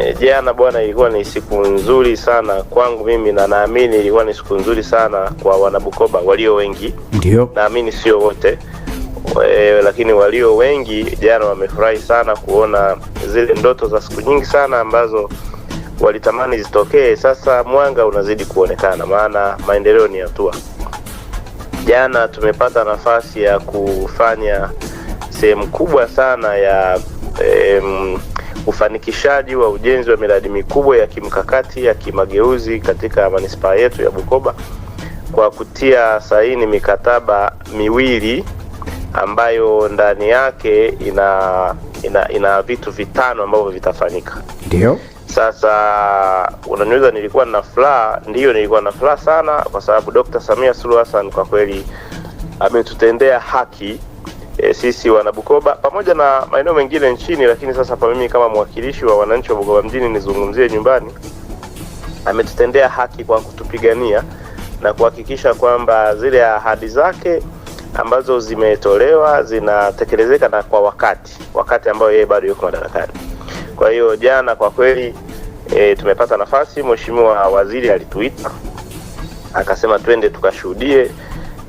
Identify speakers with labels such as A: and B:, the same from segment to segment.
A: E, jana bwana, ilikuwa ni siku nzuri sana kwangu mimi na naamini ilikuwa ni siku nzuri sana kwa wanabukoba walio wengi, ndio naamini sio wote e, lakini walio wengi jana wamefurahi sana kuona zile ndoto za siku nyingi sana ambazo walitamani zitokee. Sasa mwanga unazidi kuonekana, maana maendeleo ni hatua. Jana tumepata nafasi ya kufanya sehemu kubwa sana ya em, ufanikishaji wa ujenzi wa miradi mikubwa ya kimkakati ya kimageuzi katika manispaa yetu ya Bukoba kwa kutia saini mikataba miwili ambayo ndani yake ina ina, ina vitu vitano ambavyo vitafanyika. Ndio. Sasa unaniuliza nilikuwa na furaha? Ndiyo, nilikuwa na furaha sana, kwa sababu Dr. Samia Suluhu Hassan kwa kweli ametutendea haki e, sisi wana Bukoba pamoja na maeneo mengine nchini. Lakini sasa kwa mimi kama mwakilishi wa wananchi wa Bukoba mjini nizungumzie nyumbani, ametutendea haki kwa kutupigania na kuhakikisha kwamba zile ahadi zake ambazo zimetolewa zinatekelezeka na kwa wakati, wakati ambao yeye bado yuko madarakani. Kwa hiyo jana kwa kweli e, tumepata nafasi, mheshimiwa waziri alituita akasema twende tukashuhudie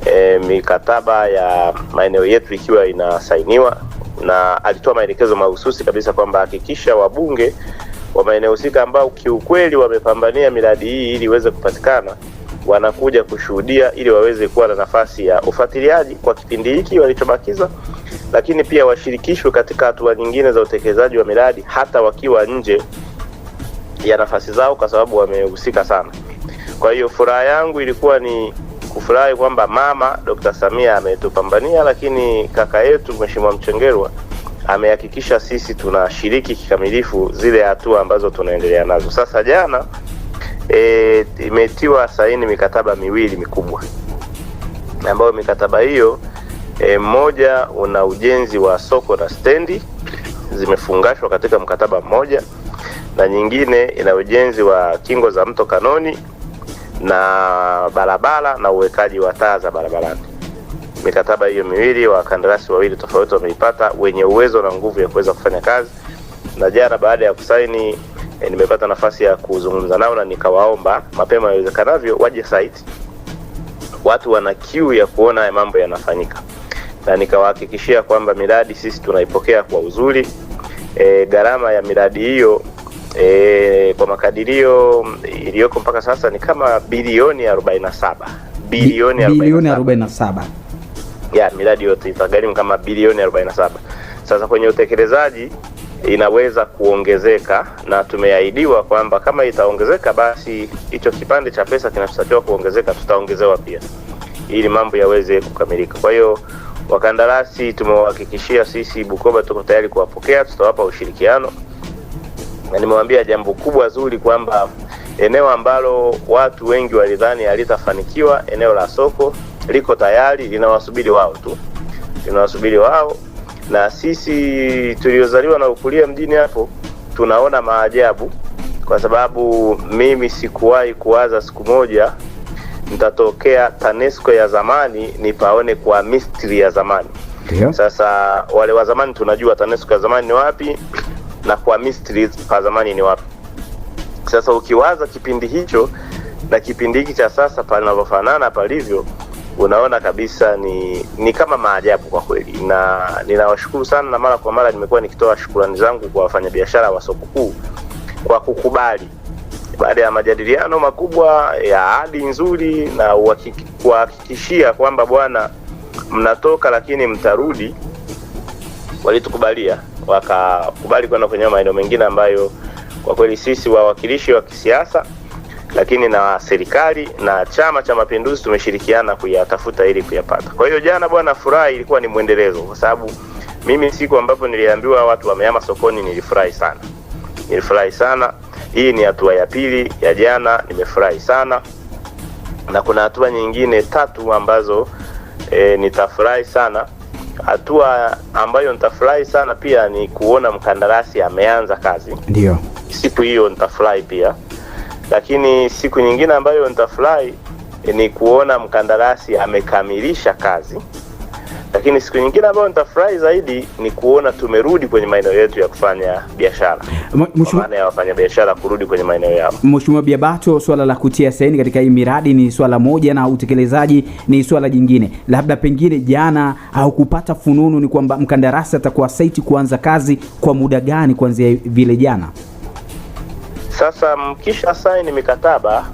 A: e, mikataba ya maeneo yetu ikiwa inasainiwa, na alitoa maelekezo mahususi kabisa kwamba hakikisha wabunge wa maeneo husika ambao kiukweli wamepambania miradi hii ili iweze kupatikana wanakuja kushuhudia ili waweze kuwa na nafasi ya ufuatiliaji kwa kipindi hiki walichobakiza, lakini pia washirikishwe katika hatua nyingine za utekelezaji wa miradi hata wakiwa nje ya nafasi zao, kwa sababu wamehusika sana. Kwa hiyo furaha yangu ilikuwa ni kufurahi kwamba mama Dr. Samia ametupambania, lakini kaka yetu Mheshimiwa Mchengerwa amehakikisha sisi tunashiriki kikamilifu zile hatua ambazo tunaendelea nazo. Sasa jana e, imetiwa saini mikataba miwili mikubwa ambayo mikataba hiyo e, mmoja una ujenzi wa soko na stendi zimefungashwa katika mkataba mmoja, na nyingine ina ujenzi wa kingo za mto Kanoni na barabara na uwekaji wa taa za barabarani. Mikataba hiyo miwili, wakandarasi wawili tofauti wameipata, wenye uwezo na nguvu ya kuweza kufanya kazi, na jana baada ya kusaini E, nimepata nafasi ya kuzungumza nao na nikawaomba mapema yawezekanavyo waje site. Watu wana kiu ya kuona ya mambo yanafanyika, na nikawahakikishia kwamba miradi sisi tunaipokea kwa uzuri. E, gharama ya miradi hiyo E, kwa makadirio iliyoko mpaka sasa ni kama bilioni 47
B: bilioni 47
A: ya miradi yote itagharimu kama bilioni 47. Sasa kwenye utekelezaji inaweza kuongezeka na tumeahidiwa kwamba kama itaongezeka, basi hicho kipande cha pesa kinachotakiwa kuongezeka tutaongezewa pia, ili mambo yaweze kukamilika. Kwa hiyo wakandarasi tumewahakikishia, sisi Bukoba tuko tayari kuwapokea, tutawapa ushirikiano nimemwambia jambo kubwa zuri kwamba eneo ambalo watu wengi walidhani halitafanikiwa, eneo la soko liko tayari, linawasubiri wao tu, linawasubiri wao. Na sisi tuliozaliwa na ukulia mjini hapo tunaona maajabu, kwa sababu mimi sikuwahi kuwaza siku moja nitatokea TANESCO ya zamani nipaone kwa mistri ya zamani. Sasa wale wa zamani tunajua TANESCO ya zamani ni wapi na kwa Misri kwa zamani ni wapi. Sasa ukiwaza kipindi hicho na kipindi hiki cha sasa panavyofanana palivyo, unaona kabisa ni ni kama maajabu kwa kweli, na ninawashukuru sana, na mara kwa mara nimekuwa nikitoa shukrani zangu kwa wafanyabiashara wa soko kuu kwa kukubali baada ya majadiliano makubwa ya ahadi nzuri na kuhakikishia kwamba bwana, mnatoka lakini mtarudi walitukubalia, wakakubali kwenda kwenye maeneo mengine ambayo kwa kweli sisi wawakilishi wa kisiasa lakini na serikali na Chama cha Mapinduzi tumeshirikiana kuyatafuta ili kuyapata. Kwa hiyo jana, bwana, furaha ilikuwa ni mwendelezo, kwa sababu mimi siku ambapo niliambiwa watu wamehama sokoni nilifurahi sana, nilifurahi sana. Hii ni hatua ya pili ya jana, nimefurahi sana, na kuna hatua nyingine tatu ambazo e, nitafurahi sana Hatua ambayo nitafurahi sana pia ni kuona mkandarasi ameanza kazi, ndio siku hiyo nitafurahi pia, lakini siku nyingine ambayo nitafurahi ni kuona mkandarasi amekamilisha kazi lakini siku nyingine ambayo nitafurahi zaidi ni kuona tumerudi kwenye maeneo yetu ya kufanya biashara, maana ya wafanya biashara kurudi kwenye maeneo yao.
B: Mheshimiwa Biabato, swala la kutia saini katika hii miradi ni swala moja na utekelezaji ni swala jingine. Labda pengine jana au kupata fununu ni kwamba mkandarasi atakuwa saiti kuanza kazi kwa muda gani kuanzia vile jana?
A: Sasa mkisha saini mikataba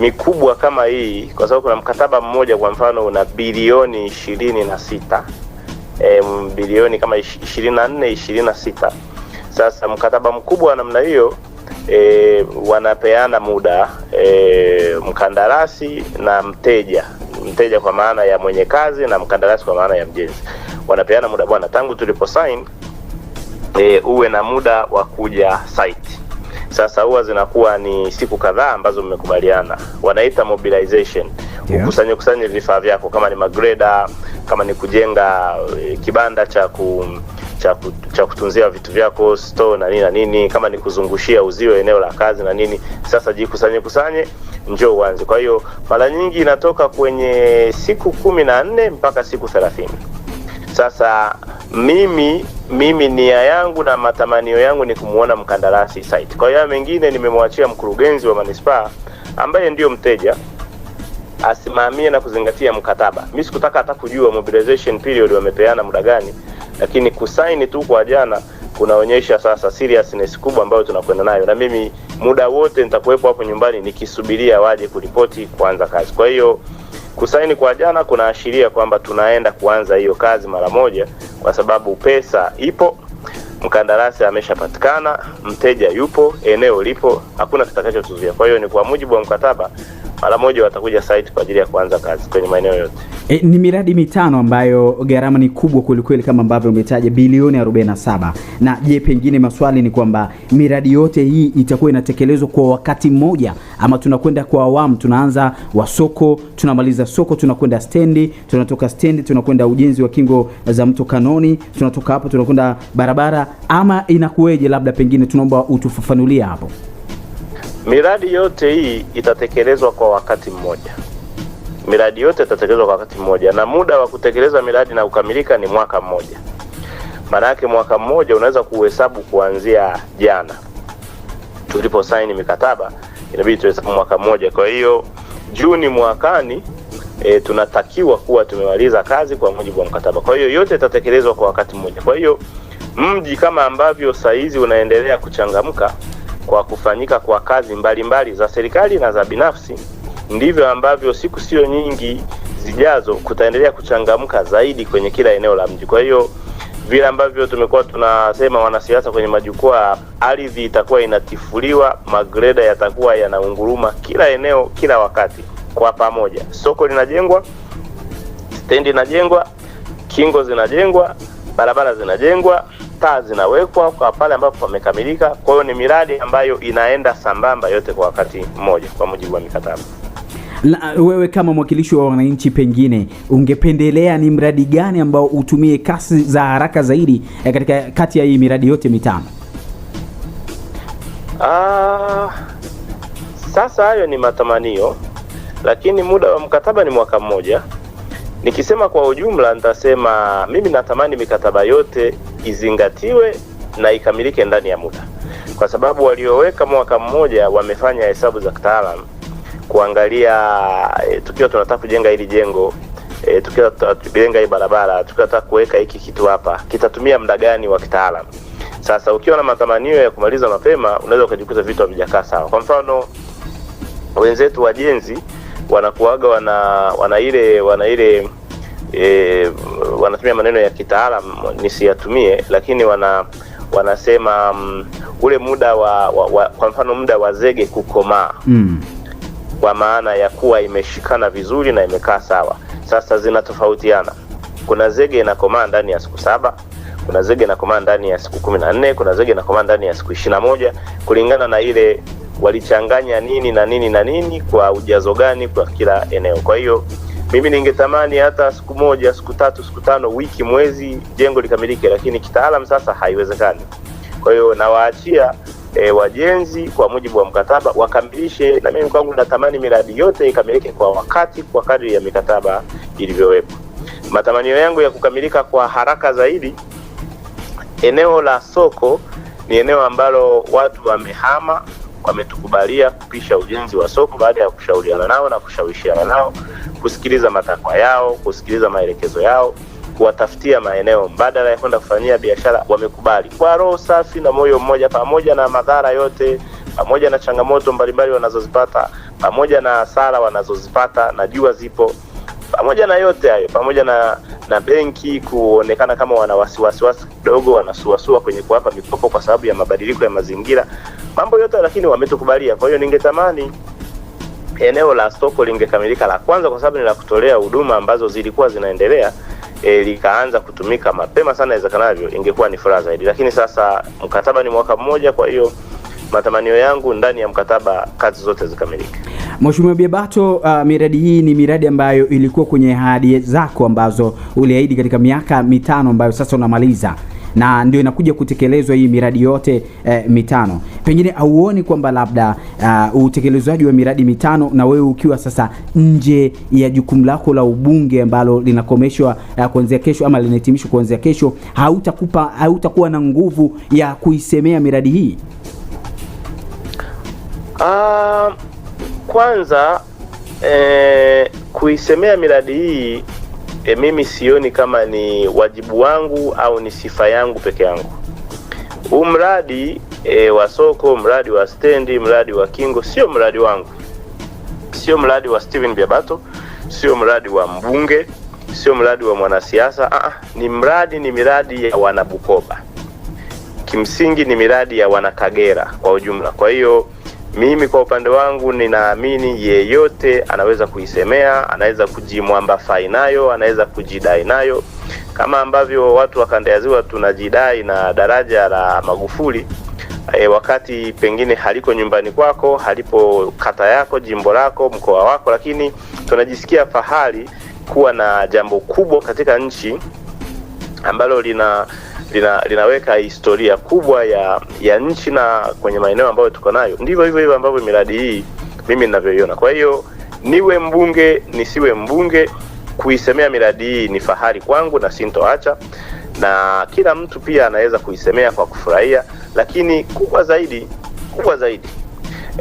A: mikubwa kama hii, kwa sababu kuna mkataba mmoja kwa mfano una bilioni ishirini na sita e, bilioni kama ishirini na nne ishirini na sita Sasa mkataba mkubwa wa namna hiyo e, wanapeana muda e, mkandarasi na mteja, mteja kwa maana ya mwenye kazi na mkandarasi kwa maana ya mjenzi, wanapeana muda bwana, tangu tuliposain e, uwe na muda wa kuja site sasa huwa zinakuwa ni siku kadhaa ambazo mmekubaliana, wanaita mobilization yeah. Ukusanye kusanye vifaa vyako kama ni magreda, kama ni kujenga eh, kibanda cha ku cha kutunzia vitu vyako store na nini na nini, kama ni kuzungushia uzio eneo la kazi na nini. Sasa jikusanye kusanye, njoo uanze. Kwa hiyo mara nyingi inatoka kwenye siku kumi na nne mpaka siku thelathini. Sasa mimi mimi nia yangu na matamanio yangu ni kumuona mkandarasi site. Kwa hiyo mengine nimemwachia mkurugenzi wa manispaa ambaye ndiyo mteja asimamie na kuzingatia mkataba. Mimi sikutaka hata kujua mobilization period wamepeana muda gani, lakini kusaini tu kwa jana kunaonyesha sasa seriousness kubwa ambayo tunakwenda nayo, na mimi muda wote nitakuwepo hapo nyumbani nikisubiria waje kuripoti kuanza kazi. Kwa hiyo Kusaini kwa jana kunaashiria kwamba tunaenda kuanza hiyo kazi mara moja, kwa sababu pesa ipo, mkandarasi ameshapatikana, mteja yupo, eneo lipo, hakuna kitakachotuzuia. Kwa hiyo ni kwa mujibu wa mkataba mara moja watakuja site kwa ajili ya kuanza kazi kwenye maeneo yote.
B: E, ni miradi mitano ambayo gharama ni kubwa kwelikweli kama ambavyo umetaja bilioni 47. Na je, pengine maswali ni kwamba miradi yote hii itakuwa inatekelezwa kwa wakati mmoja ama tunakwenda kwa awamu? Tunaanza wa soko, tunamaliza soko, tunakwenda stendi, tunatoka stendi tunakwenda ujenzi wa kingo za mto Kanoni, tunatoka hapo tunakwenda barabara, ama inakuweje? Labda pengine tunaomba utufafanulie hapo.
A: Miradi yote hii itatekelezwa kwa wakati mmoja, miradi yote itatekelezwa kwa wakati mmoja, na muda wa kutekeleza miradi na kukamilika ni mwaka mmoja. Maana yake mwaka mmoja unaweza kuhesabu kuanzia jana tulipo saini mikataba, inabidi tuhesabu mwaka mmoja. Kwa hiyo Juni mwakani e, tunatakiwa kuwa tumemaliza kazi kwa mujibu wa mkataba. Kwa hiyo yote itatekelezwa kwa wakati mmoja. Kwa hiyo mji kama ambavyo saizi unaendelea kuchangamka kwa kufanyika kwa kazi mbalimbali mbali za serikali na za binafsi, ndivyo ambavyo siku sio nyingi zijazo kutaendelea kuchangamka zaidi kwenye kila eneo la mji. Kwa hiyo vile ambavyo tumekuwa tunasema wanasiasa kwenye majukwaa, ardhi itakuwa inatifuliwa, magreda yatakuwa yanaunguruma kila eneo, kila wakati kwa pamoja. Soko linajengwa, stendi inajengwa, kingo zinajengwa, barabara zinajengwa, taa zinawekwa kwa pale ambapo pamekamilika. Kwa hiyo ni miradi ambayo inaenda sambamba yote kwa wakati mmoja kwa mujibu wa mikataba.
B: Na uh, wewe kama mwakilishi wa wananchi, pengine ungependelea ni mradi gani ambao utumie kasi za haraka zaidi eh, katika kati ya hii miradi yote mitano?
A: Ah, sasa hayo ni matamanio, lakini muda wa mkataba ni mwaka mmoja. Nikisema kwa ujumla, nitasema mimi natamani mikataba yote izingatiwe na ikamilike ndani ya muda, kwa sababu walioweka mwaka mmoja wamefanya hesabu za kitaalam kuangalia e, tukiwa tunataka kujenga hili jengo e, tukiwa tunajenga hii barabara, tukiwa tunataka kuweka hiki kitu hapa, kitatumia muda gani wa kitaalam Sasa ukiwa na matamanio ya kumaliza mapema, unaweza ukajikuta vitu havijakaa sawa. Kwa mfano, wenzetu wajenzi wanakuaga wana wana ile wana ile e, wanatumia maneno ya kitaalamu nisiyatumie, lakini wana wanasema um, ule muda wa, wa, wa kwa mfano muda wa zege kukomaa mm. kwa maana ya kuwa imeshikana vizuri na imekaa sawa. Sasa zinatofautiana, kuna zege inakomaa ndani ya siku saba kuna zege inakomaa ndani ya siku kumi na nne kuna zege inakomaa ndani ya siku ishirini na moja kulingana na ile walichanganya nini na nini na nini, kwa ujazo gani kwa kila eneo. Kwa hiyo mimi ningetamani hata siku moja, siku tatu, siku tano, wiki, mwezi jengo likamilike, lakini kitaalam sasa haiwezekani. Kwa hiyo nawaachia e, wajenzi kwa mujibu wa mkataba wakamilishe, na mimi kwangu natamani miradi yote ikamilike kwa wakati, kwa kadri ya mikataba ilivyowekwa. Matamanio yangu ya kukamilika kwa haraka zaidi, eneo la soko ni eneo ambalo watu wamehama, wametukubalia kupisha ujenzi wa soko baada ya kushauriana nao na kushawishiana nao kusikiliza matakwa yao, kusikiliza maelekezo yao, kuwatafutia maeneo mbadala ya kwenda kufanyia biashara. Wamekubali kwa roho safi na moyo mmoja, pamoja na madhara yote, pamoja na changamoto mbalimbali wanazozipata, pamoja na hasara wanazozipata, najua zipo pamoja na yote hayo, pamoja na na benki kuonekana kama wana wasiwasi kidogo, wanasuasua kwenye kuwapa mikopo kwa sababu ya mabadiliko ya mazingira, mambo yote, lakini wametukubalia. Kwa hiyo ningetamani eneo la soko lingekamilika la kwanza, kwa sababu ni la kutolea huduma ambazo zilikuwa zinaendelea E, likaanza kutumika mapema sana iwezekanavyo, ingekuwa ni furaha zaidi, lakini sasa mkataba ni mwaka mmoja. Kwa hiyo matamanio yangu ndani ya mkataba kazi zote zikamilike.
B: Mheshimiwa Biabato, uh, miradi hii ni miradi ambayo ilikuwa kwenye ahadi zako ambazo uliahidi katika miaka mitano ambayo sasa unamaliza na ndio inakuja kutekelezwa hii miradi yote eh, mitano. Pengine auoni kwamba labda uh, utekelezaji wa miradi mitano na wewe ukiwa sasa nje ya jukumu lako la ubunge ambalo linakomeshwa uh, kuanzia kesho ama linahitimishwa kuanzia kesho, hautakupa hautakuwa na nguvu ya kuisemea miradi hii?
A: Uh, kwanza eh, kuisemea miradi hii e, mimi sioni kama ni wajibu wangu au ni sifa yangu peke yangu. Huu mradi e, wa soko, mradi wa stendi, mradi wa kingo sio mradi wangu, sio mradi wa Steven Biabato, sio mradi wa mbunge, sio mradi wa mwanasiasa. Ah, ni mradi, ni miradi ya wanabukoba kimsingi, ni miradi ya wanakagera kwa ujumla. Kwa hiyo mimi kwa upande wangu ninaamini yeyote anaweza kuisemea, anaweza kujimwamba fai nayo, anaweza kujidai nayo, kama ambavyo watu wa kanda ya Ziwa tunajidai na daraja la Magufuli. E, wakati pengine haliko nyumbani kwako, halipo kata yako, jimbo lako, mkoa wako, lakini tunajisikia fahari kuwa na jambo kubwa katika nchi ambalo lina lina, linaweka historia kubwa ya ya nchi na kwenye maeneo ambayo tuko nayo, ndivyo hivyo hivyo ambavyo miradi hii mimi ninavyoiona. Kwa hiyo niwe mbunge nisiwe mbunge, kuisemea miradi hii ni fahari kwangu na sintoacha, na kila mtu pia anaweza kuisemea kwa kufurahia, lakini kubwa zaidi kubwa zaidi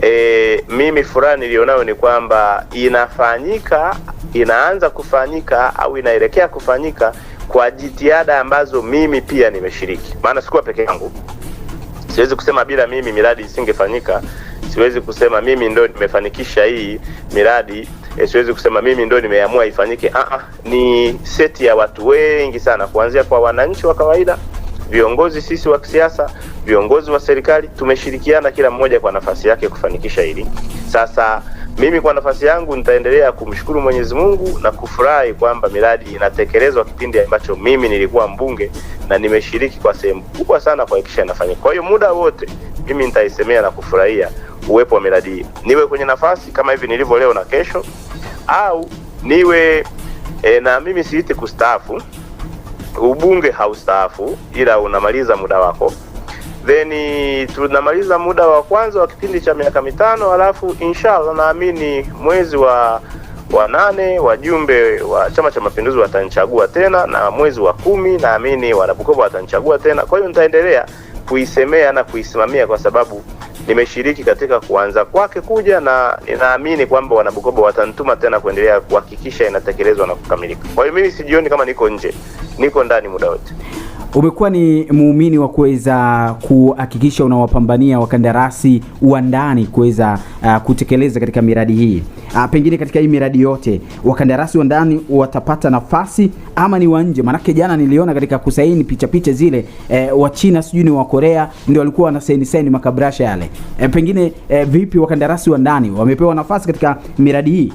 A: E, mimi furaha nilionayo ni kwamba inafanyika, inaanza kufanyika au inaelekea kufanyika kwa jitihada ambazo mimi pia nimeshiriki, maana sikuwa peke yangu. Siwezi kusema bila mimi miradi isingefanyika. Siwezi kusema mimi ndo nimefanikisha hii miradi e, siwezi kusema mimi ndo nimeamua ifanyike. Ah, ah, ni seti ya watu wengi sana, kuanzia kwa wananchi wa kawaida, viongozi sisi wa kisiasa, viongozi wa serikali, tumeshirikiana kila mmoja kwa nafasi yake kufanikisha hili sasa mimi kwa nafasi yangu nitaendelea kumshukuru Mwenyezi Mungu na kufurahi kwamba miradi inatekelezwa kipindi ambacho mimi nilikuwa mbunge na nimeshiriki kwa sehemu kubwa sana kuhakikisha inafanyika. Kwa hiyo muda wote mimi nitaisemea na kufurahia uwepo wa miradi hii, niwe kwenye nafasi kama hivi nilivyo leo na kesho, au niwe e, na mimi siiti kustaafu. Ubunge haustaafu, ila unamaliza muda wako then tunamaliza muda wa kwanza wa kipindi cha miaka mitano, alafu inshallah naamini mwezi wa wa nane wajumbe wa Chama cha Mapinduzi watanichagua tena, na mwezi wa kumi naamini wanabukoba watanichagua tena. Kwa hiyo nitaendelea kuisemea na kuisimamia kwa sababu nimeshiriki katika kuanza kwake kuja, na ninaamini kwamba wanabukoba watanituma tena kuendelea kuhakikisha inatekelezwa na kukamilika. Kwa hiyo mimi sijioni kama niko nje, niko ndani muda wote.
B: Umekuwa ni muumini wa kuweza kuhakikisha unawapambania wakandarasi wa ndani kuweza uh, kutekeleza katika miradi hii uh, pengine katika hii miradi yote wakandarasi wa ndani watapata nafasi ama ni wa nje? Maanake jana niliona katika kusaini picha picha zile eh, wa China sijui ni wa Korea ndio walikuwa wanasaini saini makabrasha yale eh, pengine eh, vipi wakandarasi wa ndani wamepewa nafasi katika miradi hii?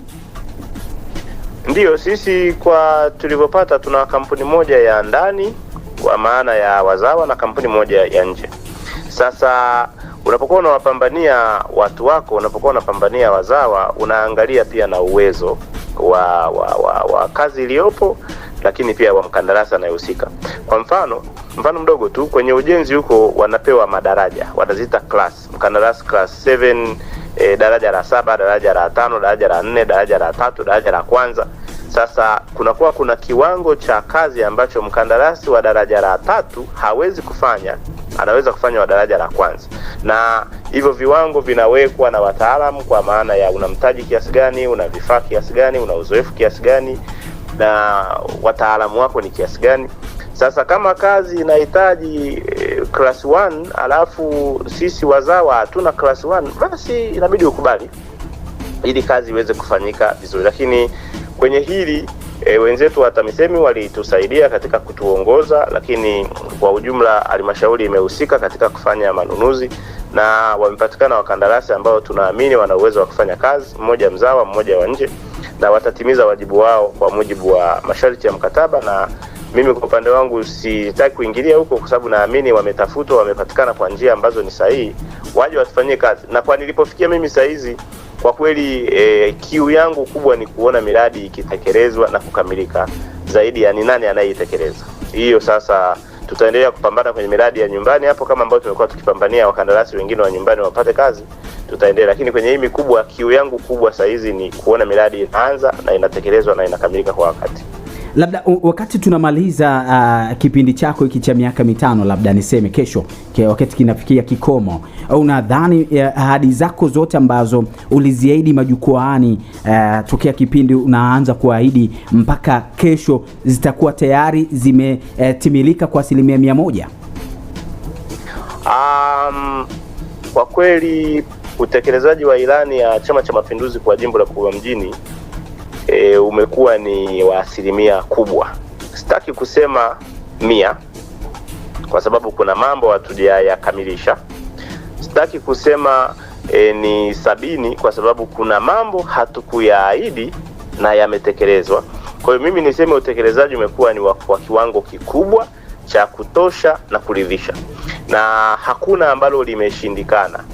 A: Ndiyo, sisi kwa tulivyopata tuna kampuni moja ya ndani kwa maana ya wazawa na kampuni moja ya nje. Sasa unapokuwa unawapambania watu wako, unapokuwa unapambania wazawa, unaangalia pia na uwezo wa, wa, wa, wa kazi iliyopo lakini pia wa mkandarasi anayehusika. Kwa mfano mfano mdogo tu, kwenye ujenzi huko wanapewa madaraja, wanazita class, mkandarasi class 7, e, eh, daraja la saba, daraja la tano, daraja la nne, daraja la tatu, daraja la kwanza. Sasa kunakuwa kuna kiwango cha kazi ambacho mkandarasi wa daraja la tatu hawezi kufanya, anaweza kufanya wa daraja la kwanza, na hivyo viwango vinawekwa na wataalamu, kwa maana ya una mtaji kiasi gani, una vifaa kiasi gani, una uzoefu kiasi gani, na wataalamu wako ni kiasi gani. Sasa kama kazi inahitaji eh, class 1 alafu sisi wazawa hatuna class 1 basi inabidi ukubali ili kazi iweze kufanyika vizuri, lakini Kwenye hili e, wenzetu wa TAMISEMI walitusaidia katika kutuongoza, lakini kwa ujumla halmashauri imehusika katika kufanya manunuzi na wamepatikana wakandarasi ambao tunaamini wana uwezo wa kufanya kazi, mmoja mzawa, mmoja wa nje, na watatimiza wajibu wao kwa mujibu wa masharti ya mkataba. Na mimi kwa upande wangu sitaki kuingilia huko, kwa sababu naamini wametafutwa, wamepatikana kwa njia ambazo ni sahihi, waje watufanyie kazi. Na kwa nilipofikia mimi saa hizi kwa kweli e, kiu yangu kubwa ni kuona miradi ikitekelezwa na kukamilika zaidi ya ni nani anayeitekeleza hiyo. Sasa tutaendelea kupambana kwenye miradi ya nyumbani hapo, kama ambavyo tumekuwa tukipambania wakandarasi wengine wa nyumbani wapate kazi, tutaendelea. Lakini kwenye hii mikubwa, kiu yangu kubwa sahizi ni kuona miradi inaanza na inatekelezwa na inakamilika kwa wakati.
B: Labda wakati tunamaliza uh, kipindi chako hiki cha miaka mitano, labda niseme kesho wakati kinafikia kikomo, unadhani uh, ahadi zako zote ambazo uliziahidi majukwaani uh, tokea kipindi unaanza kuahidi mpaka kesho zitakuwa tayari zimetimilika uh, kwa asilimia mia moja?
A: Um, kwa kweli utekelezaji wa ilani ya Chama cha Mapinduzi kwa jimbo la Bukoba mjini e, umekuwa ni wa asilimia kubwa. Sitaki kusema mia kwa sababu kuna mambo hatujayakamilisha. Sitaki kusema e, ni sabini kwa sababu kuna mambo hatukuyaahidi na yametekelezwa. Kwa hiyo mimi niseme utekelezaji umekuwa ni wa kiwango kikubwa cha kutosha na kuridhisha, na hakuna ambalo limeshindikana.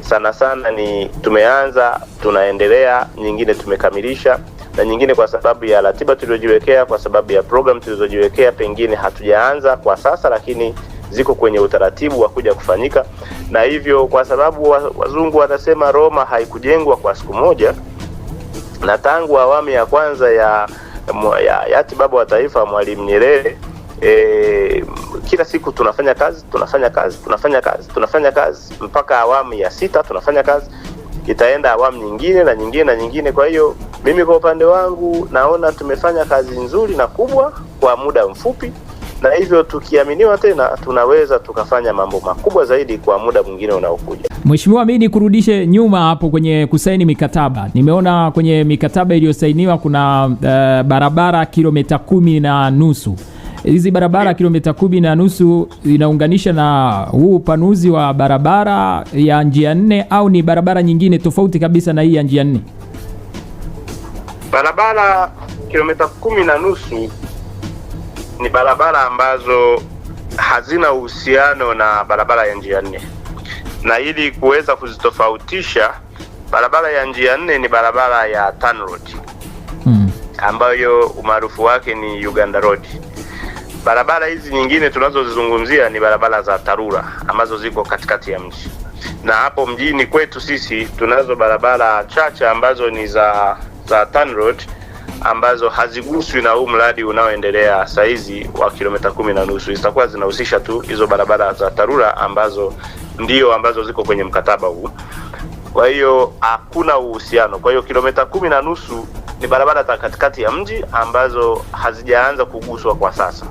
A: Sana sana ni tumeanza, tunaendelea, nyingine tumekamilisha na nyingine kwa sababu ya ratiba tuliyojiwekea, kwa sababu ya program tulizojiwekea, pengine hatujaanza kwa sasa, lakini ziko kwenye utaratibu wa kuja kufanyika. Na hivyo kwa sababu wazungu wanasema Roma haikujengwa kwa siku moja, na tangu awamu ya kwanza ya hayati baba wa taifa Mwalimu Nyerere e, kila siku tunafanya kazi tunafanya kazi tunafanya kazi tunafanya kazi mpaka awamu ya sita tunafanya kazi itaenda awamu nyingine na nyingine na nyingine. Kwa hiyo mimi kwa upande wangu naona tumefanya kazi nzuri na kubwa kwa muda mfupi, na hivyo tukiaminiwa tena tunaweza tukafanya mambo makubwa zaidi kwa muda mwingine unaokuja.
B: Mheshimiwa, mimi nikurudishe nyuma hapo kwenye kusaini mikataba. Nimeona kwenye mikataba iliyosainiwa kuna uh, barabara kilomita kumi na nusu hizi barabara kilomita kumi na nusu inaunganisha na huu upanuzi wa barabara ya njia nne au ni barabara nyingine tofauti kabisa na hii ya njia nne?
A: Barabara kilomita kumi na nusu ni barabara ambazo hazina uhusiano na barabara ya njia nne, na ili kuweza kuzitofautisha, barabara ya njia nne ni barabara ya Tan Road mm, ambayo umaarufu wake ni Uganda Road Barabara hizi nyingine tunazozizungumzia ni barabara za TARURA ambazo ziko katikati ya mji, na hapo mjini kwetu sisi tunazo barabara chache ambazo ni za za TANROADS ambazo haziguswi na huu mradi unaoendelea saizi wa kilomita kumi na nusu. Zitakuwa zinahusisha tu hizo barabara za TARURA ambazo ndio ambazo ziko kwenye mkataba huu kwa hiyo hakuna uhusiano. Kwa hiyo kilomita kumi na nusu ni barabara za katikati ya mji ambazo hazijaanza kuguswa kwa sasa.